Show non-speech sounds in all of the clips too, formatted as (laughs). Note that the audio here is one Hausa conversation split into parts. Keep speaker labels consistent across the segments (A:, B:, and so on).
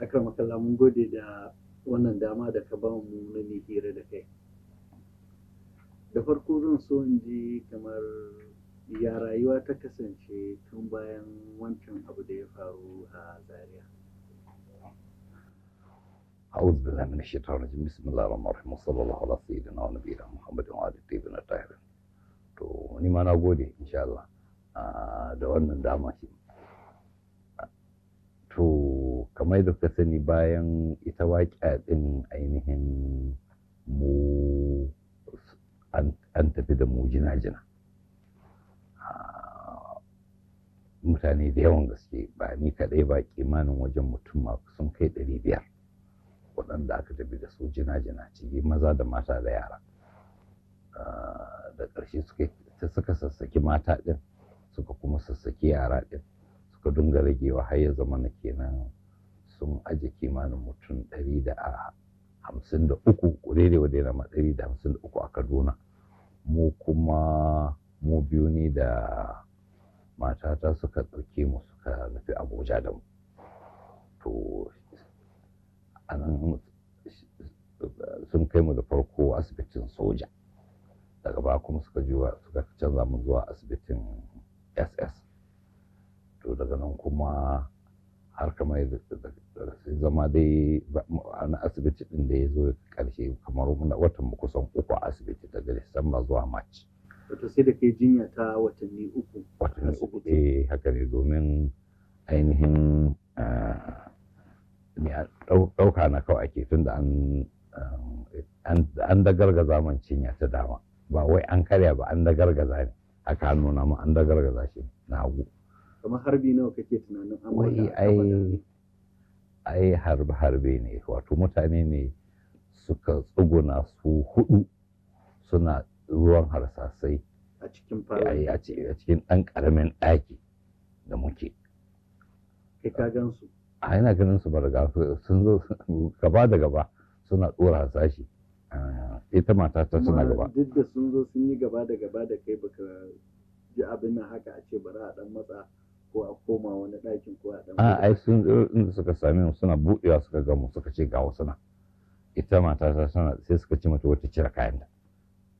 A: akramakalla mun gode da wannan dama da ka ba mu na hira da kai da farko zan so in ji kamar
B: ya rayuwa ta kasance
A: tun bayan wancan abu da ya faru a Zariya.
B: أعوذ بالله من الشيطان الرجيم بسم الله الرحمن الرحيم وصلى الله على سيدنا ونبينا محمد وعلى الطيبين الطاهرين ني ما نغودي ان شاء الله ا ده wannan dama shi to kamar yadda kuka sani bayan ita waƙa din ainihin mu an tafi da mu jina-jina mutane da yawan gaske ba ni kaɗai ba kimanin wajen mutum ma sun kai ɗari biyar waɗanda aka tafi da su jina-jina ciki maza da mata da yara ah, da ƙarshe suka sassaki mata ɗin suka kuma sassaki yara ɗin suka dunga ragewa har ya zama na kenan sun aje kimanin mutum ɗari da hamsin da uku ƙure da na ɗari da hamsin da uku a kaduna mu kuma mu biyu ne da matata suka ɗauke mu suka nufi abuja da mu to sun kai mu da farko asibitin soja daga ba kuma suka juwa suka canza mu zuwa asibitin ss to daga nan kuma har kamar sai zama dai na asibiti din da ya zo karshe kamar watan mu kusan uku a asibiti daga disamba zuwa march wato sai da kai jinya ta watanni uku watanni uku eh haka ne domin ainihin eh, ɗauka na kawai ake tun da an da gargaza man cinya ta dama ba wai an karya ba an da gargaza ne A hannu na ma an da gargaza shi na hagu
A: kuma harbi nawa kake tunanin amurka
B: ai ai harbe harbe ne wato mutane ne suka tsuguna su hudu suna ruwan harsasai a cikin a cikin ɗan ƙaramin ɗaki da muke
A: kai ka gan su
B: a yana ganin su barga sun zo gaba da gaba suna tsora sashi ah, ita mata ta suna gaba
A: duk da sun zo sun yi gaba da gaba da kai baka ji abin nan haka a ce bara a dan matsa ko a koma wani ɗakin ko a dan a
B: ah, ai sun zo inda suka same mu suna buɗewa suka gamu suka ce ga wasu na ita mata ta suna sai suka ce mata wata cire kayan da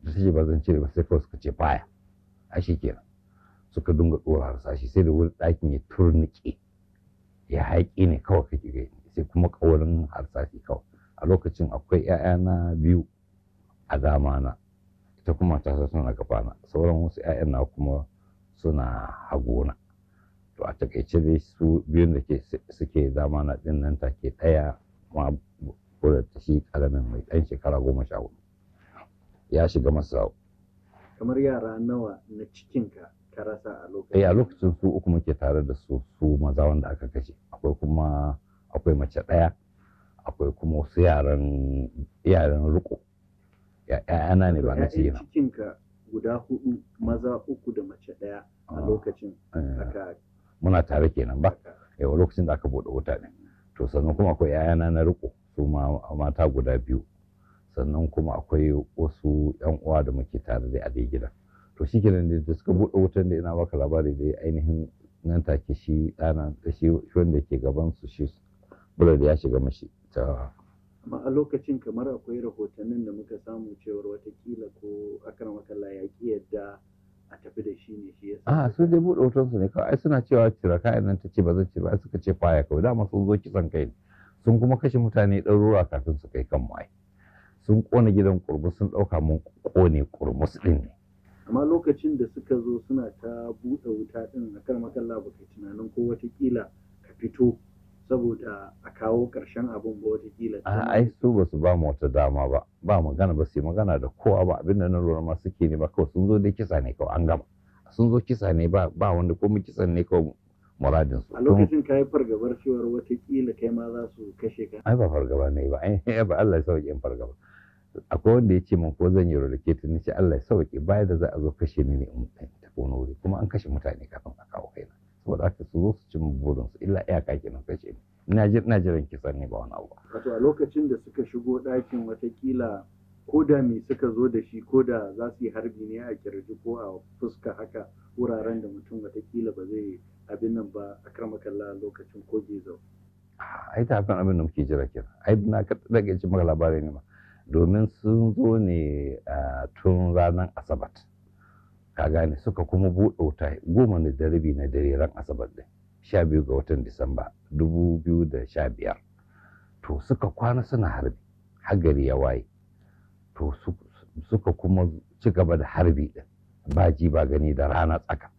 B: da ce ba zan cire ba sai kawai suka ce baya a shi kenan suka dunga ɗora harsashi sai da wani ɗakin ya turnike ya haƙi ne kawai kake gani sai kuma ƙaurin harsashi kawai a lokacin akwai 'ya'yana biyu a zamana, ta kuma ta suna gabana sauran wasu 'ya'yan na kuma suna hagona to a takaice dai su biyun da suke zamana din nan take ɗaya ma da ta shi ƙaramin mai ɗan shekara goma sha hudu ya shiga masarau
A: kamar yara nawa na cikin ka ka rasa a lokacin? Eh, a
B: lokacin su uku muke tare da su su maza wanda aka kashe akwai kuma akwai mace ɗaya akwai kuma wasu yaran yaran riko ya'yana ne ba na ce yana.
A: ka guda hudu maza uku da mace ɗaya a ah, lokacin eh. aka
B: muna tare kenan ba yawa eh, lokacin da aka buɗe wuta ne to sannan kuma akwai ya'yana na riko su mata guda biyu sannan kuma akwai wasu yan uwa da muke tare da a gidan to shi kenan da suka buɗe wutan da ina baka labari da ainihin nan take shi ɗana shi wanda ke gaban su shi bula da ya shiga mashi ta
A: amma a lokacin kamar akwai rahotannin da muka samu cewar watakila ko akan wakalla ya yadda a tafi da shi ne shi ya
B: a ah, sun dai buɗe wutan su ne kawai suna cewa cira kayan nan ta ce ba zan ci ba suka ce faya kawai dama sun zo kitsan kai ne sun kuma kashe mutane ɗaruruwa kafin su kai kan mu sun ƙona gidan kurmus sun ɗauka mun ƙone kurmus ɗin ne
A: amma lokacin da suka zo suna ta buɗe wuta ɗin a kan makalla ba kai tunanin ko watakila ka fito saboda a kawo ƙarshen abin ba watakila ai
B: su ba su ba mu wata dama ba ba magana ba su magana da kowa ba abin da na lura ma suke ne ba kawai sun zo dai kisa ne kawai an gama sun zo kisa ne ba ba wanda ko kisa ne kawai muradin su. A lokacin
A: ka yi fargabar cewar watakila kai ma za su kashe ka. Ai ba fargaba
B: ne ba, ai ba Allah ya sauke in fargaba. akwai wanda ya ce min ko zan yi rarrake ta nace Allah ya sauke baya da za a zo kashe ni ne in tafi wani wuri kuma an kashe mutane kafin a kawo kaina saboda haka su zo su ci min burin su illa iyaka kenan kashe ni ina ina jiran ki ne ba wani abu
A: wato a lokacin da suka shigo ɗakin watakila ko da me suka zo da shi ko da za su yi harbi ne a kirji ko a fuska haka wuraren da mutum watakila ba zai abin nan ba a karmakalla lokacin ko gezo
B: ai ta hakan abin da muke jira kira ai na daga cikin maka labarin ne ma domin sun zo ne a tun ranar asabar ka gane suka kuma buɗe wuta goma na darabi na dare ran asabar ɗin sha biyu ga watan disamba dubu biyu da sha biyar to suka kwana suna harbi hagari ya waye to suka kuma ci gaba da harbi ɗin ba ji ba gani da rana tsaka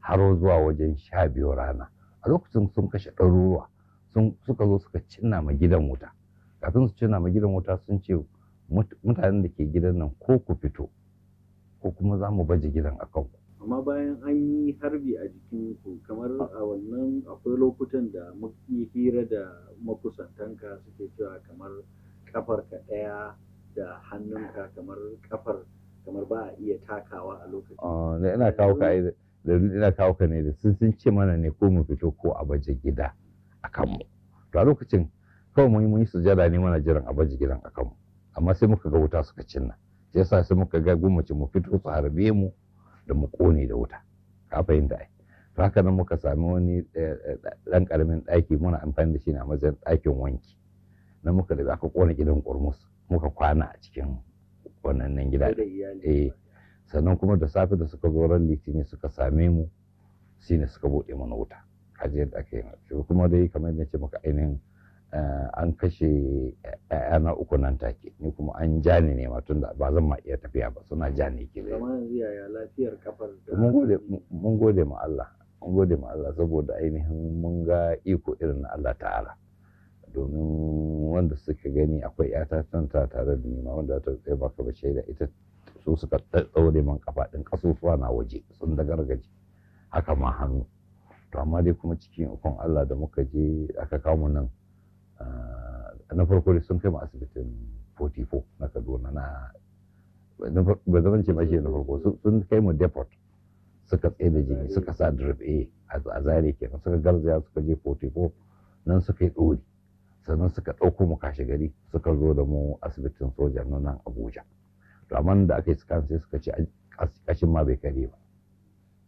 B: har zuwa wajen sha biyu rana a lokacin sun kashe ɗaruruwa suka zo suka cinna ma gidan wuta kafin su cinna ma gidan wuta sun ce mutanen da ke gidan nan ko ku fito ko kuma za mu baje gidan a kanku
A: amma bayan an yi harbi a jikin ku kamar a wannan akwai lokutan da muke hira da makusantanka suke cewa kamar kafarka ɗaya da hannunka kamar kafar kamar ba a iya takawa a lokacin
B: ah, ina kawo ka da ina kawo ka ne da sun sun ce mana ne ko mu fito ko a baje gida a kanmu to a lokacin kawai mun yi sujada ne mana jiran a baje gidan a kanmu amma sai muka ga wuta suka cinna sai sa sai muka ga ce mu fito su harbe mu da mu kone da wuta ka fahimta ai to haka nan muka sami wani dan eh, eh, karamin daki muna amfani da shi ne a matsayin dakin wanki na muka da aka kona gidan kurmus muka kwana a cikin wannan nan gida eh sannan kuma da safe da suka zo ran litinin suka same mu shine suka bude mana wuta kaje da ake yi kuma dai kamar yadda ce muka ainihin Eh, an kashe yana eh, eh, uku nan take ni kuma an ja ni ne ma tunda ba zan ma iya tafiya ba suna ja ke ke kamar
A: yanzu yaya lafiyar kafar mun gode
B: mun gode ma Allah mun gode ma Allah saboda ainihin mun ga iko irin na Allah ta'ala domin wanda suka gani akwai yata can ta tare da ni ma wanda ta tsaye baka ba shaida ita su suka tsaure man kafa din kasusuwa na waje sun da gargaje haka ma hannu to amma dai kuma cikin ukun Allah da muka je aka kawo mu nan Ah, na farko da sun kai mu asibitin 44 na kaduna na ba zan ce mashi na farko sun kai mu depot suka tsaye da jini suka sa drip a a zare kenan suka garzaya suka je 44 nan suka yi ɗori sannan suka ɗauko mu kashe gari suka zo da mu asibitin soja na nan abuja to amma da aka yi scan sai suka ce kashin ma bai kare ba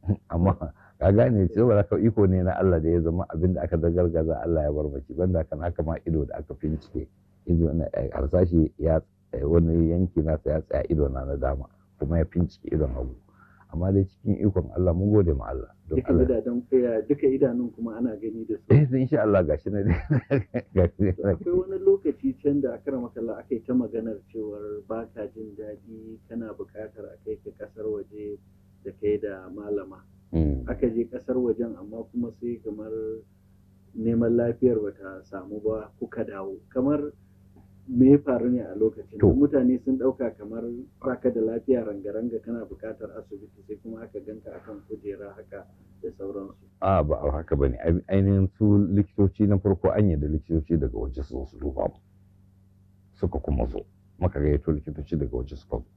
B: (laughs) amma ka gane cewa ba ka iko ne na Allah da ya zama abin da aka zagargaza Allah ya bar barbaci banda kan haka ma ido da aka fincike ido na eh, harsashi ya eh, wani yanki nasa ya tsaya ido na na dama kuma ya fincike idon hagu amma dai cikin ikon Allah mun gode ma Allah don Allah
A: duka idanun kuma ana
B: gani da su eh insha Allah gashi ne (laughs) gashi akwai
A: wani lokaci can da akara makalla aka yi ta maganar cewar ba ka jin dadi kana buƙatar a kai ka kasar waje da kai da malama Mm. aka je kasar wajen amma kuma sai kamar neman lafiyar bata samu ba kuka dawo kamar me ya faru ne a lokacin To. mutane sun dauka kamar baka da lafiya rangaranga kana bukatar asibiti sai kuma aka ganka akan kujera haka da sauransu
B: a ba haka bane ainihin su likitoci na farko an yi da likitoci daga waje su su duba mu suka kuma zo maka gayyato likitoci daga waje suka zo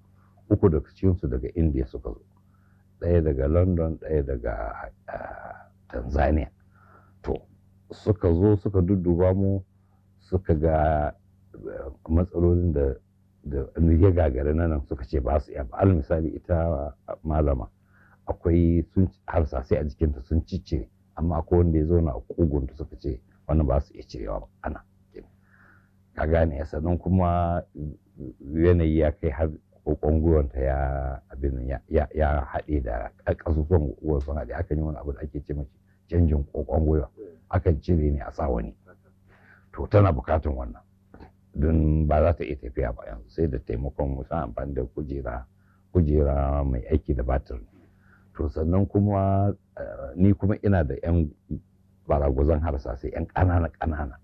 B: uku daga su daga indiya suka zo ɗaya daga london ɗaya daga tanzania to suka zo suka dudduba mu suka ga eh, matsalolin da ya na nan suka ce ba su iya ba misali ita malama akwai sun harsasai a jikinta sun ciccire amma akwai wanda ya zauna a kugunta suka ce wani ba su iya cirewa ba ana ka gane sannan kuma eh, yanayi ya kai har kokon ta ya abin ya haɗe da ƙasusuwan uwar sun haɗe akan yi wani abu da ake ce mashi canjin kokon gwiwa akan cire ne a sa wani to tana bukatun wannan don ba za ta iya tafiya ba yanzu sai da taimakon musan amfani da kujera kujera mai aiki da batir to sannan kuma eh, ni kuma ina da yan baragwazon harsasai yan ƙanana ƙanana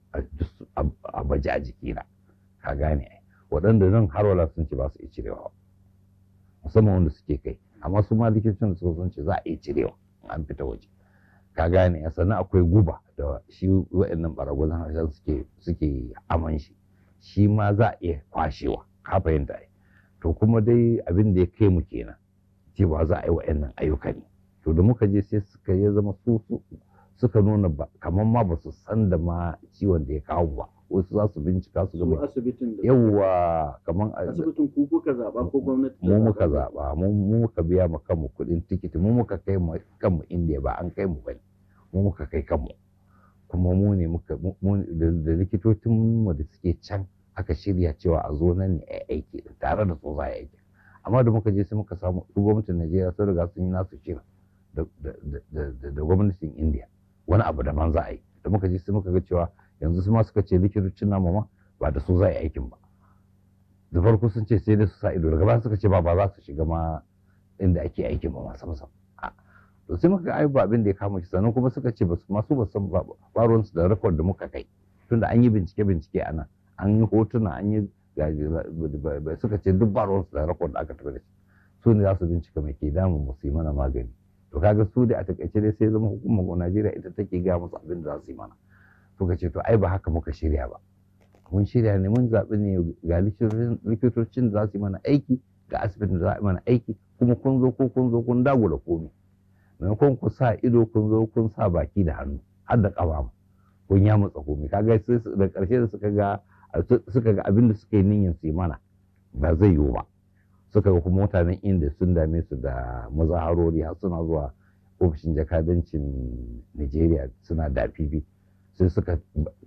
B: a baji a jikina ka gane waɗanda nan har wala sun ce ba su iya cirewa musamman wanda suke kai amma su ma likitocin suka sun ce za a iya cirewa an fita waje ka gane ya sannan akwai guba da shi wa'annan baragwazan harshen suke suke aman shi shi ma za a iya kwashewa ka fahimta ai to kuma dai abin da ya kai mu kenan ba za a yi wa'annan ayyuka ne to da muka je sai suka ya zama su suka nuna ba kamar ma ba su san da ma ciwon da ya kawo ba wasu za su bincika su gama asibitin da yawa kaman asibitin
A: ku kuka zaba ko gwamnati mu muka zaba
B: mu muka biya mu kanmu kudin tikiti mu muka kai mu kanmu indiya ba an kai mu bane mu muka kai kanmu kuma mu ne muka da likitocin mu da suke can aka shirya cewa a zo nan ne aiki tare da su za a aiki amma da muka je sai muka samu gwamnatin Najeriya sun riga sun yi nasu shirin da gwamnatin Indiya wani abu da man za a yi da muka je sai muka ga cewa yanzu su ma suka ce likitocin namu ma ba da su za aikin ba da farko sun ce sai dai su sa ido daga ba suka ce ba ba za su shiga ma inda ake aikin ba masu musamman to sai muka ai ba abin da ya kama shi sannan kuma suka ce masu ba san ba su da record da muka kai tunda an yi bincike bincike a nan an yi hotuna an yi suka ce duk ba su da record da aka tafi da shi su ne za su bincika mai ke damun mu su yi mana magani to kaga su dai a takaice dai sai zama hukumar Najeriya ita take ga musu abin da za su yi mana ka ce to ai ba haka muka shirya ba mun shirya ne mun zaɓi ne ga likitocin da za su yi mana aiki ga asibitin da za a yi mana aiki kuma kun zo ko kun zo kun dagula komi maimakon ku sa ido kun zo kun sa baki da hannu har da ƙafa kun ya matsa komi kaga sai da ƙarshe da suka ga suka ga abin da suka yi niyyar su yi mana ba zai yiwu ba suka ga kuma mutanen inda sun dame su da mazaharori har suna zuwa ofishin jakadancin Najeriya suna dafifi. sai suka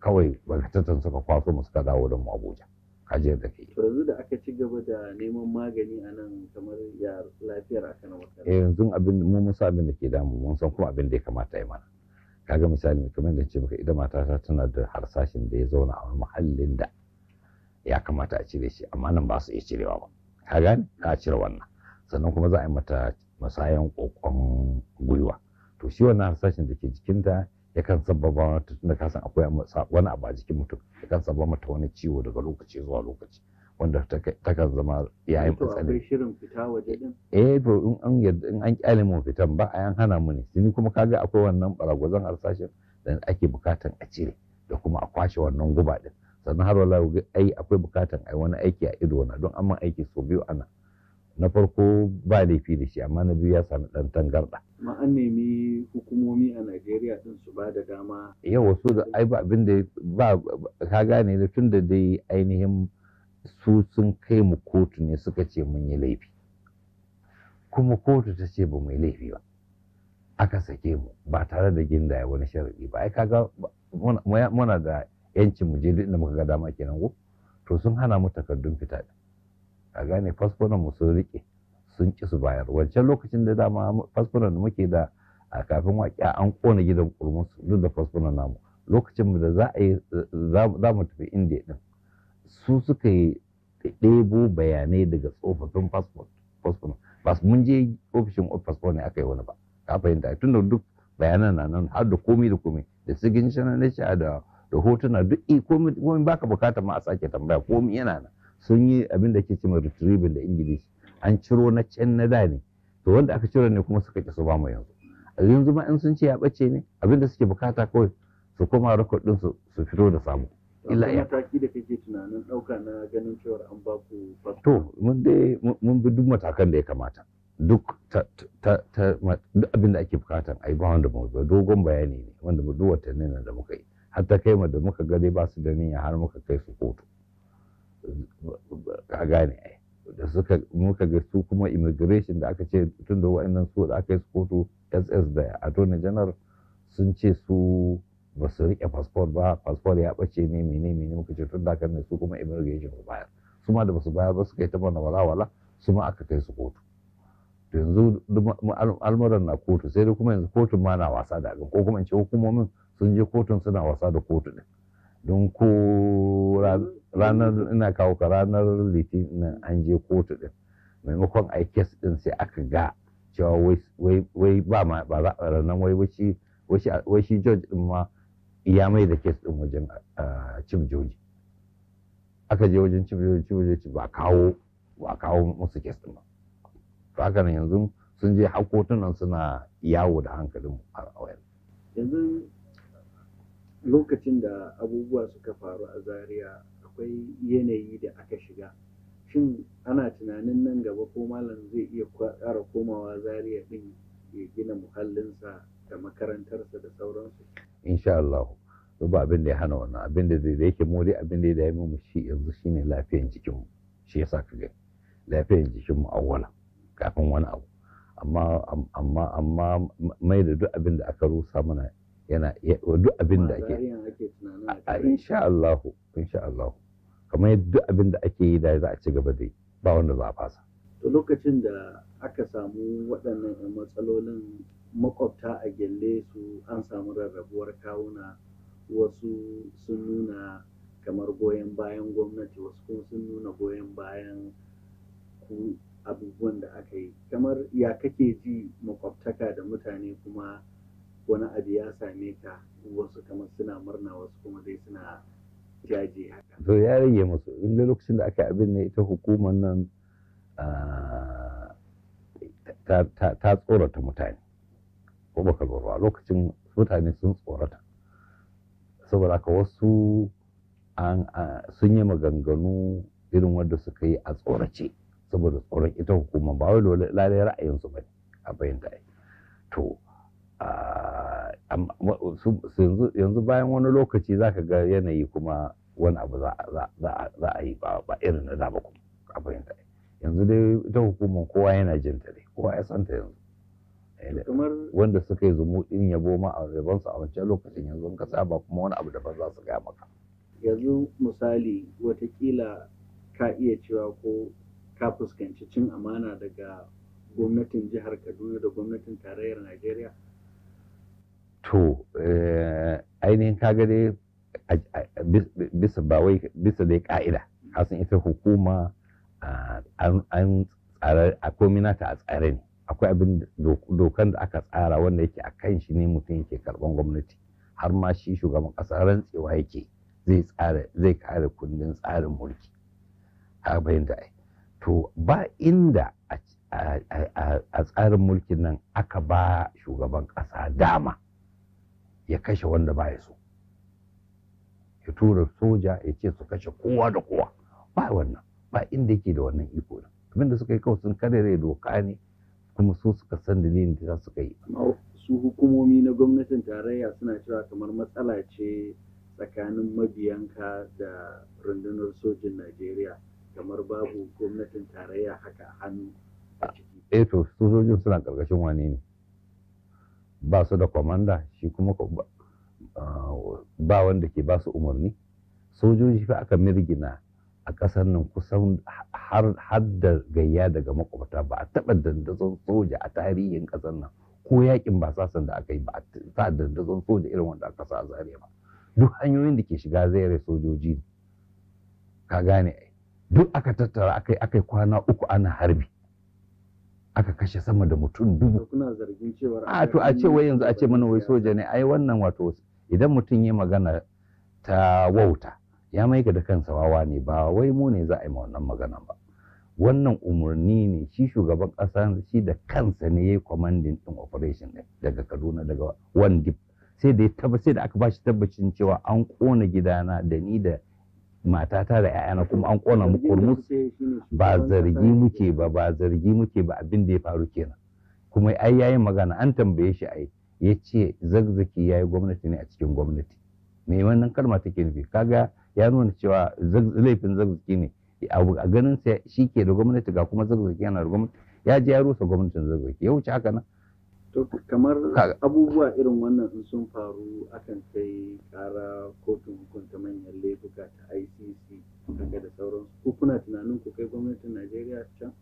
B: kawai bakatatan suka kwaso mu suka dawo da mu abuja kajiyar da ke
A: yanzu da aka ci gaba da neman magani a nan kamar ya lafiyar aka na makaranta eh,
B: yanzu abin mu mun san abin da ke damu mun san kuma abin da ya kamata ya mana kaga misali kamar da ce maka ita matata tana da harsashin da ya zauna a muhallin da ya kamata a cire shi amma nan ba su iya cirewa ba ka gane ka cire wannan sannan kuma za a yi mata masayan kokon gwiwa to shi wannan harsashin da ke jikinta yakan sababa mata tunda ka san akwai wani abu a jikin mutum yakan sababa mata wani ciwo daga lokaci zuwa lokaci wanda takan zama yayin fitsari. shirin Eh in an in an kyale mu fitan ba a yan hana mu ne. Sini kuma kaga akwai wannan baragwazon harsashin da ake bukatan a cire da kuma a kwashe wannan guba din. Sannan har wala ai akwai bukatan ai wani aiki a ido na don an aiki sau biyu ana. Na farko ba laifi da shi amma na biyu ya sami dan tangarda.
A: ma nemi hukumomi a Najeriya din su ba da dama.
B: Yau wasu da ai ba abin da ba ka gane da tun da dai ainihin su sun kai mu kotu ne suka ce mun yi laifi. Kuma kotu ta ce ba mu yi laifi ba. Aka sake mu ba tare da gindaya wani sharaɗi ba. Ai kaga muna da yancin mu je duk inda muka ga dama kenan ko? To sun hana mu takardun fita. Ka gane fasfonan mu sun riƙe. sun ki su bayar wancan lokacin da dama fasfunan da muke da a kafin waƙi an kona gidan kurmus duk da fasfunan namu lokacin da za a za mu tafi indiya din su suka yi ɗebo bayanai daga tsofaffin fasfunan ba mun je ofishin fasfunan ne aka yi wani ba ka fahimta tunda duk bayanan na nan har da komai da komai da signature na nature da da hotuna duk i komai baka bukata ma a sake tambaya komai yana nan sun yi abinda da ke cewa retrieving da ingilishi an ciro na can na da ne to wanda aka ciro ne kuma suka ki su mu yanzu a yanzu ma in sun ce ya bace ne abinda suke bukata kawai su koma rekod din su su fito da samu illa ya
A: taki da kake tunanin dauka na ganin cewa an ba ku to
B: mun dai mun bi duk matakan da ya kamata duk ta ta abin da ake bukata ai ba wanda ba dogon bayani ne wanda duk watannin nan da muka yi ta kai ma da muka gani ba su da niyya har muka kai su kotu Ka gane ai da muka ga su kuma immigration da aka ce tun da wa'annan su da aka yi kotu ss da attorney general sun ce su ba su riƙe fasfor ba fasfor ya ɓace ne mene mene muka ce tun da ne su kuma immigration ba bayar su ma da ba su bayar ba su kai ta mana wala wala su ma aka kai su kotu to yanzu al'amuran na kotu sai dai kuma yanzu kotun ma na wasa da abin ko kuma in ce hukumomin sun je kotun suna wasa da kotu ne. don ko ranar ina kawo ka ranar litinin an je kotu din maimakon a kes din sai aka ga cewa wai ba ma ba za a ranar wai wai shi george din ma ya mai da kes din wajen cim joji aka je wajen cim joji cim joji ba kawo ba kawo musu kes din ba to haka nan yanzu sun je hakotunan suna yawo da hankalin a
A: yanzu lokacin da abubuwa suka faru a zaria akwai yanayi da aka shiga shin ana tunanin nan gaba ko malam zai iya ƙara komawa zaria din ya gina muhallinsa da makarantarsa da sauransu
B: insha Allah ba abin da ya hana wannan abin da zai yake mu dai abin da ya dame mu shi yanzu shine lafiyan mu shi yasa ka gani lafiyan jikinmu awwala kafin wani abu amma amma amma mai da duk abin da aka rusa mana yana duk abin da ake a insha Allah insha Allah kamar duk abin da ake yi da za a ci gaba da ba wanda za a fasa
A: to lokacin da aka samu waɗannan matsalolin makwabta a gelle su an samu rarrabuwar kawuna wasu sun nuna kamar goyon bayan gwamnati wasu kuma sun nuna goyon bayan ku abubuwan da aka yi kamar ya kake ji makwabtaka da mutane kuma wani abu ya same ka wasu kamar suna murna wasu kuma dai suna jaje haka
B: to ya rage musu inda lokacin da aka abin ne ita hukumar nan ta tsorata mutane ko baka lura lokacin mutane sun tsorata saboda haka wasu sun yi maganganu irin wanda suka yi a tsorace saboda tsoron ita hukuma ba wai lalai ra'ayinsu ba ne a bayan to Ah, yanzu bayan wani lokaci za ka ga yanayi kuma wani abu za a yi ba irin na dama kuma fahimta yanzu dai ita hukumar kowa yana jin ta kowa ya santa yanzu eh, wanda suka yi zumuɗin yabo ma a rabonsu a wancan lokacin yanzu ka saba kuma wani abu daban za su gaya maka
A: yanzu misali watakila ka iya cewa ko ka fuskanci cin amana daga gwamnatin jihar kaduna da gwamnatin tarayyar najeriya
B: to eh, ainihin kaga dai bisa ba wai bisa dai ka'ida hasan ita hukuma an tsara a kominata a tsare ne akwai abin dokan da aka tsara wanda yake a kan shi ne mutum yake karban gwamnati har ma shi shugaban ƙasa rantsewa yake zai tsara zai kare kundin tsarin mulki a bayan da to ba inda a tsarin mulkin nan aka ba shugaban ƙasa dama ya kashe wanda ba ya so ya tura soja ya ce su kashe kowa da kowa ba wannan ba inda yake da wannan iko da abinda suka yi kawai sun rai doka ne kuma su suka san dalilin da za su kai
A: su hukumomi na gwamnatin tarayya suna cewa kamar matsala ce tsakanin mabiyanka da rundunar sojin najeriya kamar babu gwamnatin tarayya haka hannu
B: a ciki. eto eh sojojin suna karkashin wani ne ba su da kwamanda shi kuma ba wanda ke ba su umarni sojoji fa aka mirgina a ƙasar nan kusan har da gayya daga makwabta ba a taɓa dandazon soja a tarihin ƙasar nan ko yakin ba sasan da aka yi ba a dandazon soja irin wanda aka sa a ba duk hanyoyin da ke shiga zairar sojoji ka gane duk aka tattara aka yi kwana uku ana harbi aka kashe sama da mutum dubu a to a ce wai yanzu a ce mana wai soja ne ai wannan wato idan mutum ya magana ta wauta ya mai da kansa wawa ne ba wai mu ne za a yi ma wannan magana ba wannan umarni ne shi shugaban ƙasa shi da kansa ne ya yi commanding din operation ne daga kaduna daga wandip sai da aka ba shi tabbacin cewa an kona gidana da ni da matata da 'ya'yana kuma an ƙona mu kurmus
A: ba zargi muke
B: ba ba zargi muke ba abin da ya faru kenan kuma ai yayi magana an tambaye shi ai ya ce zagzaki ya yi gwamnati ne a cikin gwamnati me wannan kalma take nufi kaga ya nuna cewa laifin zagzaki ne a ganin sa shi ke da gwamnati ga kuma zagzaki yana da gwamnati ya je ya rusa gwamnatin zagzaki ya wuce haka nan
A: kamar abubuwa irin wannan in sun faru akan kai kara kotun hukunta manyan laifuka ta icc daga da sauransu ko kuna tunanin ku kai gwamnatin najeriya can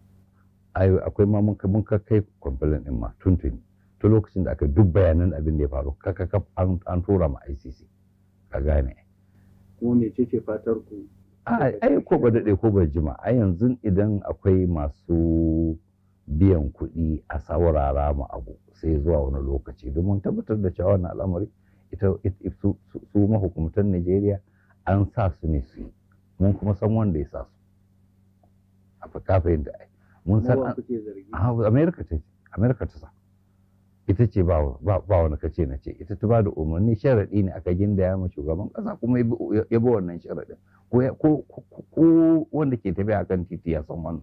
B: akwai ma mun kai complaint din ma tuntuni to lokacin da aka duk bayanan abin da ya faru kakakaf an tura ma icc ka gane
A: kuma mece ce fatar ku
B: ai ko ba dade ko ba jima a yanzu idan akwai masu biyan kuɗi a saurara mu abu sai zuwa wani lokaci domin tabbatar da cewa wannan al'amari ita su mahukumtan Najeriya an sa su ne su mun kuma san wanda ya sa su a fakafin da mun san Amerika ce Amerika ta sa ita ce ba wani kace na ce ita ta ba da umarni sharaɗi ne aka ya ma shugaban ƙasa kuma ya bi wannan sharaɗin ko wanda ke tafiya kan titi ya san wannan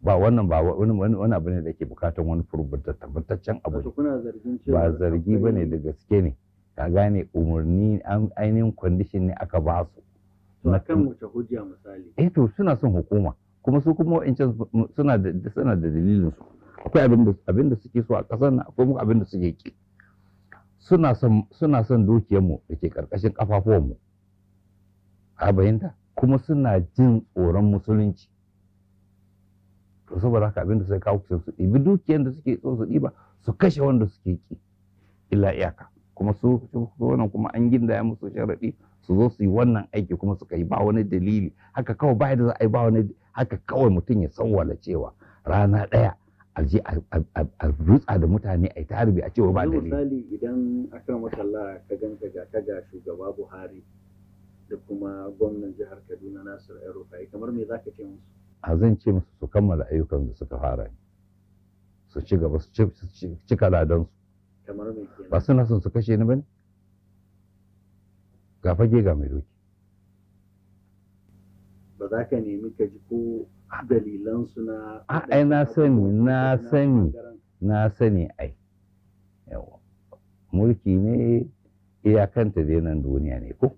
B: ba wannan ba wani wani abu ne da ke bukatan wani da tabbataccen abu
A: ne ba zargi ba ne da
B: gaske ne ka gane umarni ainihin kwandishin ne aka ba su na kan wace
A: hujja misali
B: eh to suna son hukuma kuma su kuma wa'ancan suna da suna da dalilin su akwai abin da suke so a ƙasar nan akwai muku abin da suke ki suna son suna son mu da ke karkashin mu a bayanta kuma suna jin tsoron musulunci to saboda haka abinda da kawo kusa su ɗibi dukiyar da suke so su ɗiba su kashe wanda suke ki illa iyaka kuma su wannan kuma an ya musu sharaɗi su zo su yi wannan aiki kuma su kai ba wani dalili haka kawai ba yadda za a yi ba wani haka kawai mutum ya sawwala cewa rana ɗaya a je a rutsa da mutane a yi tarbi a cewa ba dalili. misali
A: idan aka masalla ka ganka ga ka ga shugaba buhari da kuma gwamnan jihar kaduna nasir el kamar me zaka ce musu
B: a zan ce musu su kammala ayyukan da suka fara su ci gaba su cika ladansu ba suna son su kashe ni ba ne ga fage ga mai doki
A: ba za ka nemi ka ji ko dalilan suna
B: ai na sani na sani na sani ai mulki ne iyakanta zai nan duniya ne ko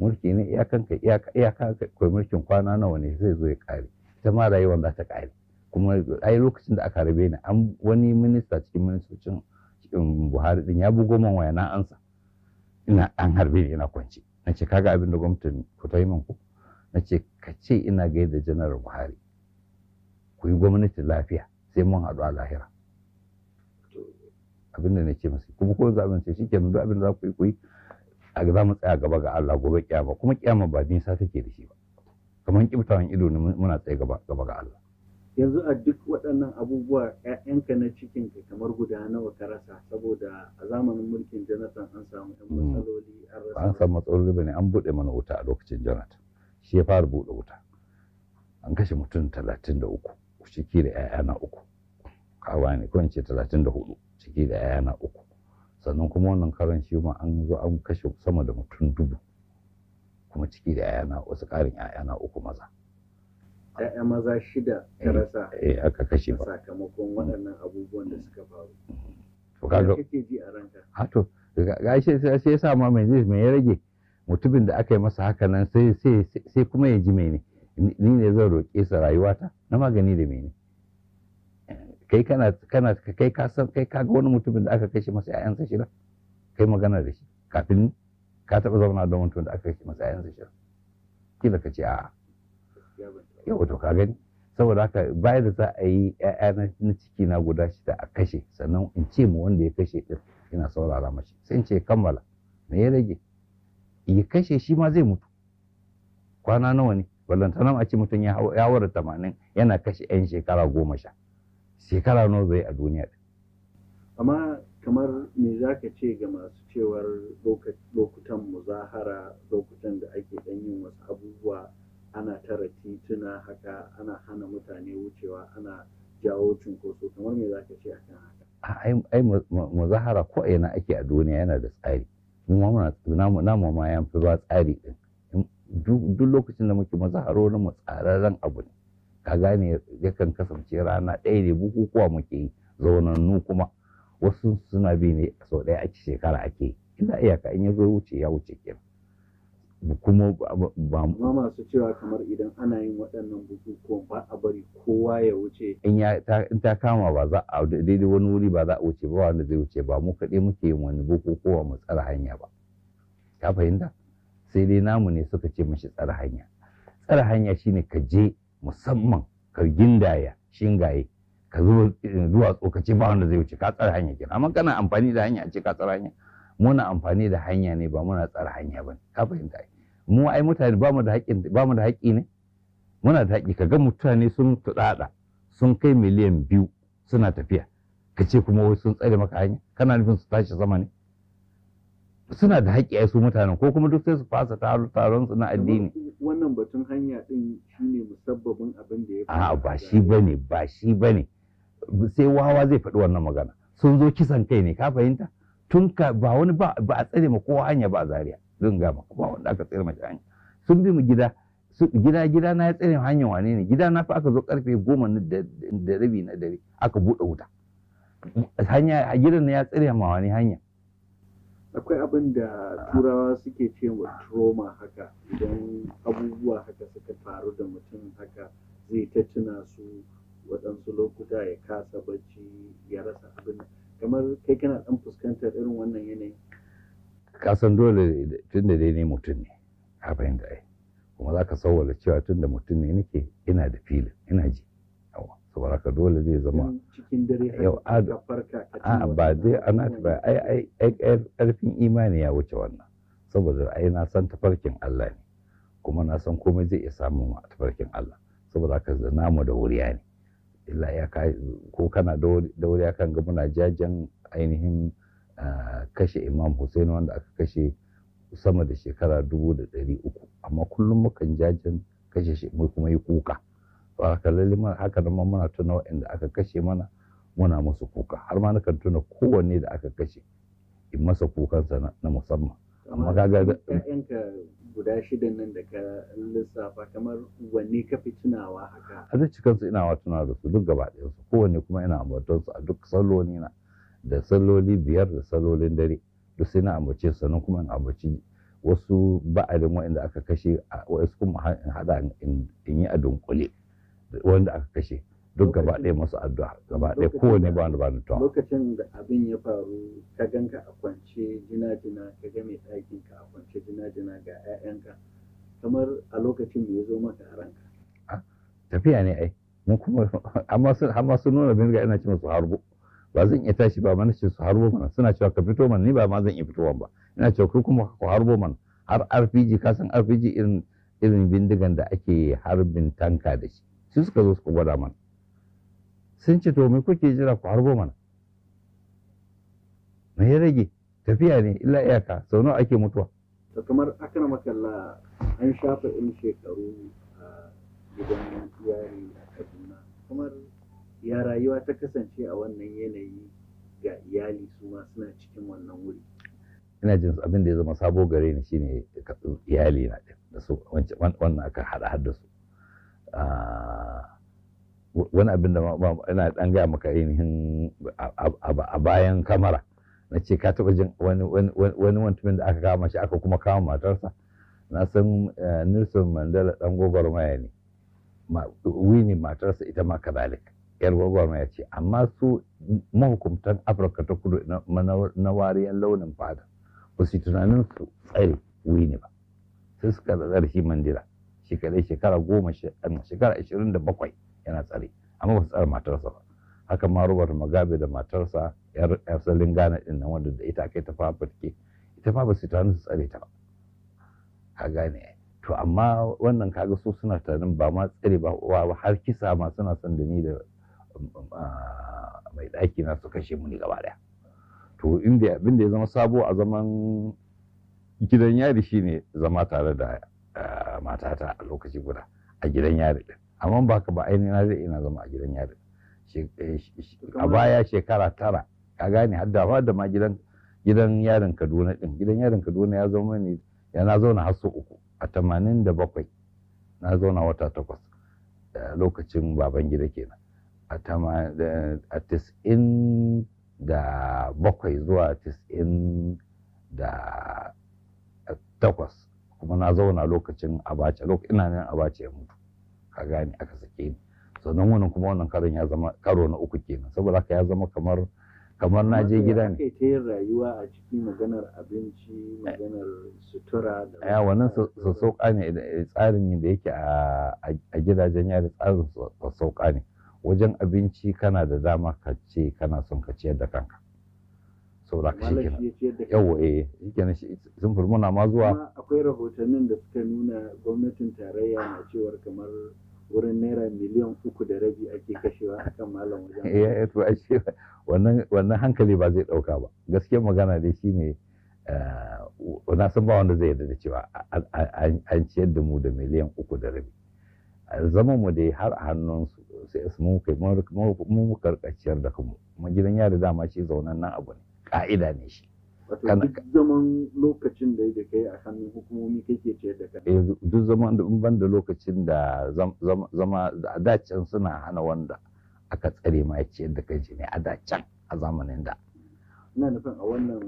B: mulki ne iyakanka iyaka iyaka kai mulkin kwana nawa ne zai zo ya kare ita ma rayuwar za ta kare kuma ai lokacin da aka rabe ni an wani minista cikin ministocin Buhari din ya bugo man waya na ansa ina an harbe ni ina kwance na ce kaga abin da gwamnatin ku ta yi min ku na ce ka ce ina gaida janar Buhari ku yi gwamnati lafiya sai mun haɗu a lahira abin da na ce masu kuma ko zaɓin sai shi ke duk abin da za ku yi ku yi za mu tsaya gaba ga Allah gobe kiyama kuma kiyama ba nisa take da shi ba kamar kibtawan ido ne muna tsaye gaba gaba ga Allah
A: yanzu a duk waɗannan abubuwa ƴaƴanka na cikin ka kamar guda nawa ka rasa saboda a zamanin mulkin Jonathan an samu ɗan hmm. matsaloli
B: an rasa an samu matsaloli bane an buɗe mana wuta a lokacin Jonathan shi ya fara buɗe wuta an kashe mutum talatin da uku ciki da ƴaƴana uku Kawai ne ko ce talatin da hudu ciki da ƴaƴana uku sannan kuma wannan karan shi ma an zo an kashe sama da mutum dubu kuma ciki da yayana wasu ƙarin yayana uku maza
A: ya'ya maza shida ta eh, rasa eh aka kashe ba sakamakon waɗannan abubuwan da suka faru to kaga kake ji a ranka
B: ha to shi sai yasa ma mai zai mai rage mutumin da aka yi masa haka nan sai sai kuma ya ji ne? ni ne zan roƙe sa rayuwata na magani da mene kai kana kana kai ka san kai ka ga wani mutumin da aka kashe masa ƴaƴansa shida kai magana da shi kafin ka taɓa zauna da mutumin da aka shi masa ƴaƴansa shida kila ka ce a'a yau to ka gani saboda haka baya da za a yi ƴaƴa na ciki na guda shida a kashe sannan in ce mu wanda ya kashe din ina saurara mashi sai in ce kammala me ya rage ya kashe shi ma zai mutu kwana nawa ne ballantana a ce mutum ya haura tamanin yana kashe 'yan shekara goma sha shekara nawa zai a duniya
A: amma kamar me za ka ce ga masu cewar lokutan muzahara lokutan da ake ɗan yin wasu abubuwa ana tara tituna haka ana hana mutane wucewa ana jawo cunkoso kamar me za ka ce akan
B: haka ai muzahara ko ina ake a duniya yana da tsari mu namu ma yan fi ba tsari din duk lokacin da muke mazaharo na mu tsararren abu ne ka gane yakan kasance rana ɗaya ne bukukuwa muke yi zaunannu kuma wasu suna bi ne sau ɗaya ake shekara ake yi ina iyaka in ya zo wuce ya wuce kira. kuma ba mu
A: masu cewa kamar idan ana yin waɗannan bukukuwan ba a bari kowa ya wuce
B: in ta kama ba za a daidai wani wuri ba za a wuce ba wanda zai wuce ba mu kaɗai muke yin wani bukukuwa mu tsara hanya ba ka fahimta sai dai namu ne suka ce mashi tsara hanya tsara hanya shine ka je musamman ka gindaya shingaye ka zuba duwatsu ka ce ba wanda zai wuce ka tsara hanya kenan amma kana amfani da hanya a ce ka tsara hanya muna amfani da hanya ne ba muna tsara hanya ba ka fahimta ai mu ai mutane ba mu da haƙƙi ba mu da haƙƙi ne muna da haƙƙi kaga mutane sun tudada sun kai miliyan biyu suna tafiya ka ce kuma wai sun tsare maka hanya kana nufin su tashi sama ne suna da haƙƙi a su mutanen ko kuma duk sai su fasa taron su na addini
A: wannan batun hanya din shine musabbabin abin da ya A'a ba
B: shi bane ba shi bane sai wawa zai faɗi wannan magana sun zo kisan kai ne ka fahimta tun ka ba wani ba a tsare ma kowa hanya ba a Zariya? zan ga ma kuma wanda aka tsare mashi hanya sun bi mu gida gida gida na ya tsare hanyar wane ne gida na fa aka zo karfe goma da rabi na dare aka buɗe wuta hanya gidan na ya tsare ma wani hanya
A: akwai abin da turawa suke ce wa trauma haka idan abubuwa haka suka faru da mutum haka
B: zai ta tuna
A: su waɗansu lokuta ya kasa bacci ya rasa abin kamar kai kana ɗan fuskantar irin wannan yanayi
B: kasan dole tun da dai ne mutum ne a da ai kuma za ka sauwala cewa tun da mutum ne nake ina da filin ina ji saboda ka dole zai zama
A: yau ba dai ana ta ba ai
B: ƙarfin imani ya wuce wannan saboda ai na san tafarkin Allah ne kuma na san komai zai iya samun a tafarkin Allah saboda haka namu da wuriya ne illa ya kai ko kana da wuriya kan ga muna jajen ainihin kashe Imam Hussein wanda aka kashe sama da shekara dubu da ɗari uku amma kullum mukan jajen kashe shi mu kuma yi kuka haka lalle mana haka nan muna tuna waɗanda aka kashe mana muna musu kuka har ma nakan tuna kowanne da aka kashe in masa kukansa na musamman amma kaga da
A: guda shidan nan da ka lissafa kamar wanne ka fi tunawa haka
B: a duk cikin su ina tunawa da su duk gaba ɗaya su kowanne kuma ina ambaton su a duk salloli na da salloli biyar da sallolin dare duk sai na ambace su sannan kuma in ambaci wasu ba'adin waɗanda aka kashe wasu kuma in haɗa in yi a dunkule wanda aka kashe duk gaba ɗaya masu addu'a gaba ɗaya kowane ba wanda ba da tuwa.
A: Lokacin da abin ya faru ka ganka a kwance jina-jina ka ga mai ɗakin ka a kwance jina-jina ga 'ya'yanka kamar a lokacin da ya zo maka a ranka.
B: Tafiya ne ai mun kuma (laughs) amma sun amma sun nuna bin ga ina ce musu harbo ba zan iya tashi ba mana ce su harbo mana suna cewa ka fito mana ni ba ma zan iya fitowa ba ina cewa ku kuma ku harbo mana har RPG ka san RPG irin irin bindigan da ake harbin tanka da shi su suka zo suka gwada mana sun ce to mai kuke jira ku harbo mana me ya rage tafiya ne illa iyaka sau nawa ake mutuwa
A: to kamar akana makalla an shafa in shekaru a gidan yari a kaduna kamar ya rayuwa ta kasance a wannan yanayi ga iyali su ma suna cikin wannan wuri
B: ina jin abin da ya zama sabo gare ni shine iyali na da su wannan aka hada har da su wani abin da ina dan gaya maka ainihin a bayan kamara na ce ka taba jin wani wantumin da aka kama shi aka kuma kama matarsa na san eh, Nelson Mandela dan maya ne wini matarsa ita ma kadalik yar gwagwarmaya ce amma su mahukumtan Afirka ta kudu na wariyar launin fata ba su tunanin su tsare wini ba sai suka tsare Mandela shi shekara goma eh, shekara ashirin da bakwai yana tsare amma ba su tsare matarsa ba haka ma Robert magabe da matarsa yar asalin gana din nan wanda da ita kai ta fafatke ita ma ba su tare su tsare ta ba ka gane to amma wannan kaga su suna tunanin ba ma tsare ba wa har kisa ma suna son da ni da um, um, ah, mai ɗaki na su kashe muni ne gaba daya to inda abin da ya zama sabo a zaman gidan yari shine zama tare da matata a lokaci guda a gidan yari din amma ba ka ba ainihin na ina zama a gidan yari eh, a baya shekara tara ka gane har da da ma gidan yarin kaduna din gidan yarin kaduna ya zama ne ya na zauna har uku a tamanin da bakwai na zauna wata takwas lokacin baban gida kenan a tis'in da bakwai zuwa tis'in da takwas kuma na zauna lokacin abace ina nan abace ya mutu ka gane aka sake ni sannan wannan kuma wannan karon ya zama karo na uku kenan saboda haka ya zama kamar kamar na je gida ne kai
A: ta yin rayuwa a cikin maganar abinci maganar sutura da
B: ya eh, wannan sassauƙa ne eh, tsarin da yake a gidajen yari tsarin sassauƙa ne wajen abinci kana da dama ka ce kana son ka ciyar da kanka saboda ka shi kenan yawa eh shi kenan sun furmu na ma zuwa
A: akwai rahotannin da suka nuna gwamnatin tarayya na cewar kamar wurin naira miliyan uku da rabi ake kashewa a kan malam wajen (laughs) eh
B: to ashe wannan wannan hankali ba zai dauka ba gaskiyar magana dai shine eh, na san ba wanda zai yarda da cewa an ciyar da mu da miliyan uku da rabi zaman mu dai har a hannun su sai su mun kai mun karkaciyar da kanmu mun gidan yari dama shi zaunan nan abu ne ka'ida ne shi
A: duk zaman lokacin da da kai a hannun hukumomi kake ce da kai eh,
B: duk zaman da ban da lokacin da zama da dacen suna hana wanda aka tsare ma ya ce da kai ne a dacen a zamanin da
A: a wannan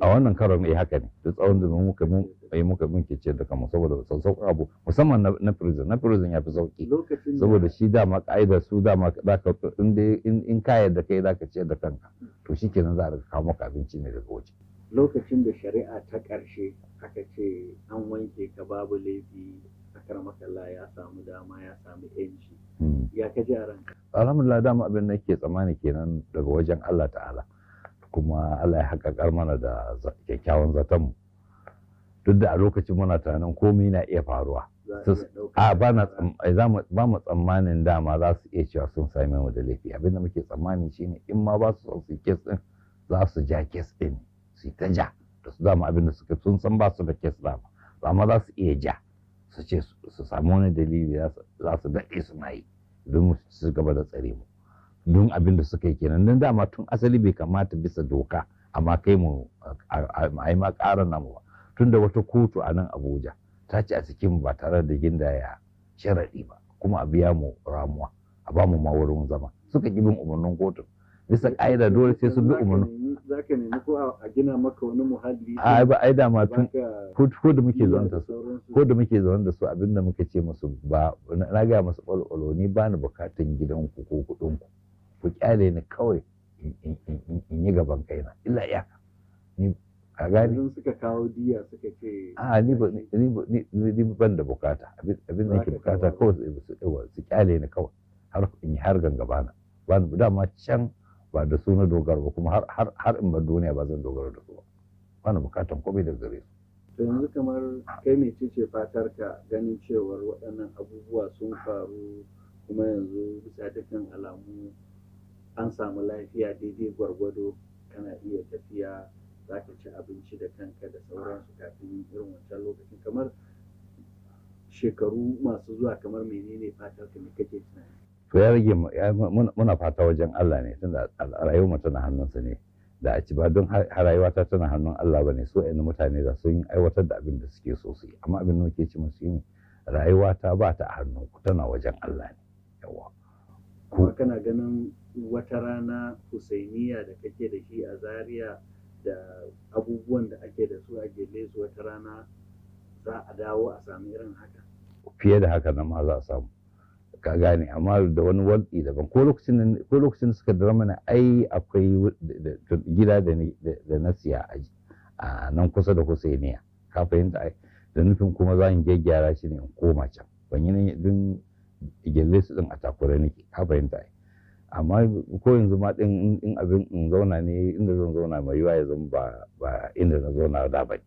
B: a wannan karon eh, haka ne duk tsawon da muka eh, muka binke ke ce da kama saboda sauƙin abu musamman na prison na prison ya fi sauƙi saboda shi dama ka'idar su dama zaka in dai ka yarda kai zaka ce da kanka to nan za a kawo maka abinci ne daga waje
A: lokacin da shari'a ta ƙarshe aka ce an wanke ka babu laifi akar makalla ya samu dama ya samu yanci hmm. ya kaji a ranka
B: alhamdulillah dama abin da ke tsammani kenan daga wajen Allah ta'ala kuma Allah ya haƙaƙar mana da kyakkyawan zatonmu duk da a lokacin muna tunanin komai na iya faruwa a ba mu tsammanin dama za su iya cewa sun sami mu da laifi abinda muke tsammani shine in ma ba su son su kes din za su ja kes ɗin, su ta ja da su dama abinda suka sun san ba su da kes dama ma za su iya ja su ce su samu wani dalili za su daɗe na yi don su gaba da tsare mu don abin da suka yi kenan don dama tun asali bai kamata bisa doka amma kai mu a yi ma ƙara namu ba tun da wata kotu a nan abuja ta ce a cikin ba tare da gindaya sharaɗi ba kuma a biya mu ramuwa a ba mu wurin zama suka ƙi bin umarnin kotun bisa ƙa'ida dole sai sun bi umarnin
A: nemi ko a gina maka wani muhalli a ba ai da matun ko da muke zaune da su ko da
B: muke zaune da su abinda muke ce musu ba na ga masu ƙwalƙwalo ni ba ni bukatan gidanku ko kuɗinku ku kyale ni kawai in yi gaban kaina illa ya ni a gani
A: suka kawo diya suka ce
B: a ni ba ni ban da bukata abin da yake bukata kawai su kyale ni kawai har in yi har na. ba da dama can ba da su na dogara ba kuma har in bar duniya ba zan dogara da su ba ba ni bukatan komai da gare su
A: yanzu kamar kai mai ce fatar ka ganin cewar waɗannan abubuwa sun faru kuma yanzu bisa dukkan alamu an samu lafiya daidai gwargwado kana iya tafiya za ka ci abinci da kanka da sauransu kafin irin wancan lokacin kamar shekaru masu zuwa kamar menene fatar ka ne kake tunani
B: to ya rage muna fata wajen Allah ne tunda rayuwar tana hannunsa ne da a ci ba don rayuwa ta tana hannun Allah ba ne so ina mutane da sun aiwatar da abin da suke so su yi amma abin da muke ci masu yi rayuwa ta ba ta hannu tana wajen Allah ne yawa
A: kana ganin wata rana husainiya da kake da shi a zaria da abubuwan da ake da su a gele su wata rana za a dawo a sami irin haka
B: fiye da haka nan ma za a samu ka gane amma da wani walƙi daban ko lokacin ko lokacin suka dara mana ai akwai gida da da na siya a nan kusa da husainiya ka fahimta ai da nufin kuma za in gyaggyara shi ne in koma can ban yi nan din gelle su din a takure nake ka fahimta ai amma ko yanzu ma din in abin in zauna ne inda zan zauna mai yiwa ya zama ba ba inda na zauna da ba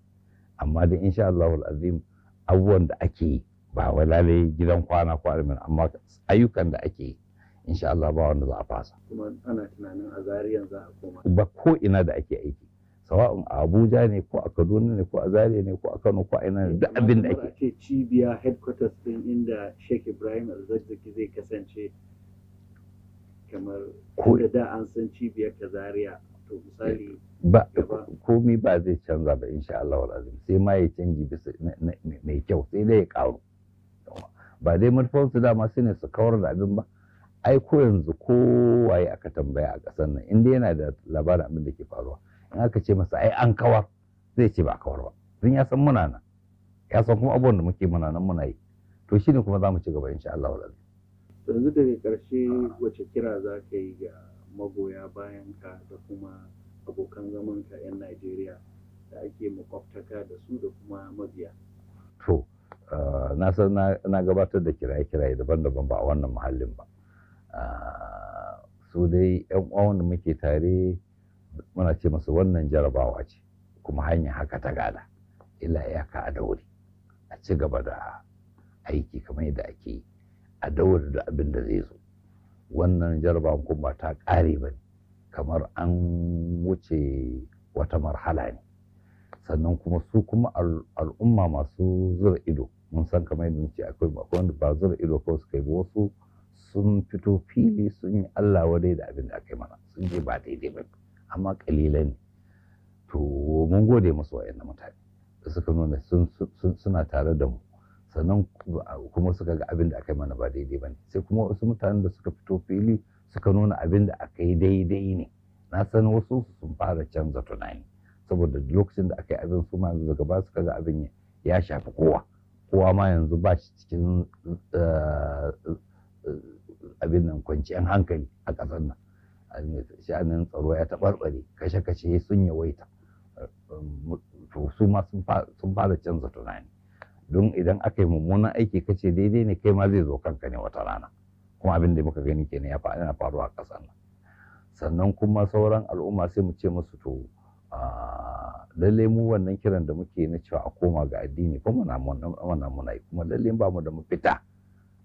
B: amma dai insha Allah azim abubuwan da ake yi ba wai lalai gidan kwana ko almin amma ayyukan da ake yi insha Allah ba wanda za a fasa
A: kuma ana tunanin a zariyan za a
B: koma ba ko ina da ake aiki sawa'un a Abuja ne ko a Kaduna ne ko a Zaria ne ko a Kano ko a ina ne duk abin da ake
A: ce cibiya headquarters din inda Sheikh Ibrahim Al-Zazzaki zai kasance kamar ko da da an san cibiyar ta zaria to misali ba
B: komai ba zai canza ba insha Allah wala azim sai ma ya canji bisa mai kyau sai dai ya karu ba dai manufar su dama su ne su kawar da abin ba ai ko yanzu ko kowaye aka tambaya a ƙasar nan inda yana da labarin abin da ke faruwa in aka ce masa ai an kawar zai ce ba a kawar ba don ya san muna nan ya san kuma abubuwan da muke muna nan muna yi to shine kuma za mu ci gaba insha Allah wala azim
A: yanzu daga ƙarshe ah. wace kira za ka yi ga magoya bayan ka da kuma abokan zaman ka 'yan najeriya da ake makwabtaka da su da kuma mabiya
B: to ah, na san na gabatar da kiraye-kiraye daban-daban ba a wannan muhallin ba ah, su dai 'yan uwan da muke tare muna ce masu wannan jarabawa ce kuma hanya haka ta gada ila iyaka a daure a ci gaba da aiki kamar yadda ake yi a daura da abin da zai zo wannan jarabawan kuma ta ƙare ba ne kamar an wuce wata marhala ne sannan kuma su kuma al'umma masu zura ido mun san kamar yadda muke akwai wanda ba zura ido kawai suka yi ba wasu sun fito fili sun yi Allah wadai da abin da aka yi mana sun je ba daidai ba amma kalilan ne to mun gode masu wa'annan mutane da suka nuna suna tare da mu sannan kuma suka ga abin da aka yi mana ba daidai ba ne sai kuma wasu mutanen da suka fito fili suka nuna abin da aka yi daidai ne na san wasu sun fara canza tunani saboda lokacin da aka yi abin su ma yanzu daga ba suka ga abin ya shafi kowa kowa ma yanzu ba shi cikin eh, abin nan kwanciyar hankali a ƙasar nan sha'anin tsaro ya taɓarɓare kashe-kashe sun yawaita to su ma sun fara canza tunani don idan aka yi mummunan aiki kace daidai ne kai ma zai zo kanka ne wata rana kuma abin da muka gani kenan ya yana faruwa a ƙasar nan sannan kuma sauran al'umma sai mu ce musu to ah, lalle mu wannan kiran da muke na cewa a koma ga addini kuma na muna muna yi kuma lalle ba mu da mafita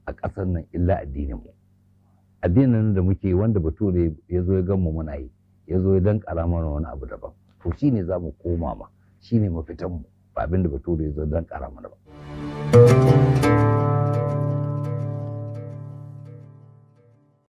B: a ƙasar nan illa addinin mu addinin da muke wanda bature ya zo ya mu muna yi ya zo ya dankara mana wani abu daban to shine za mu koma ma shine mafitan mu ba abin da bature ya zo dankara mana ba Thank you.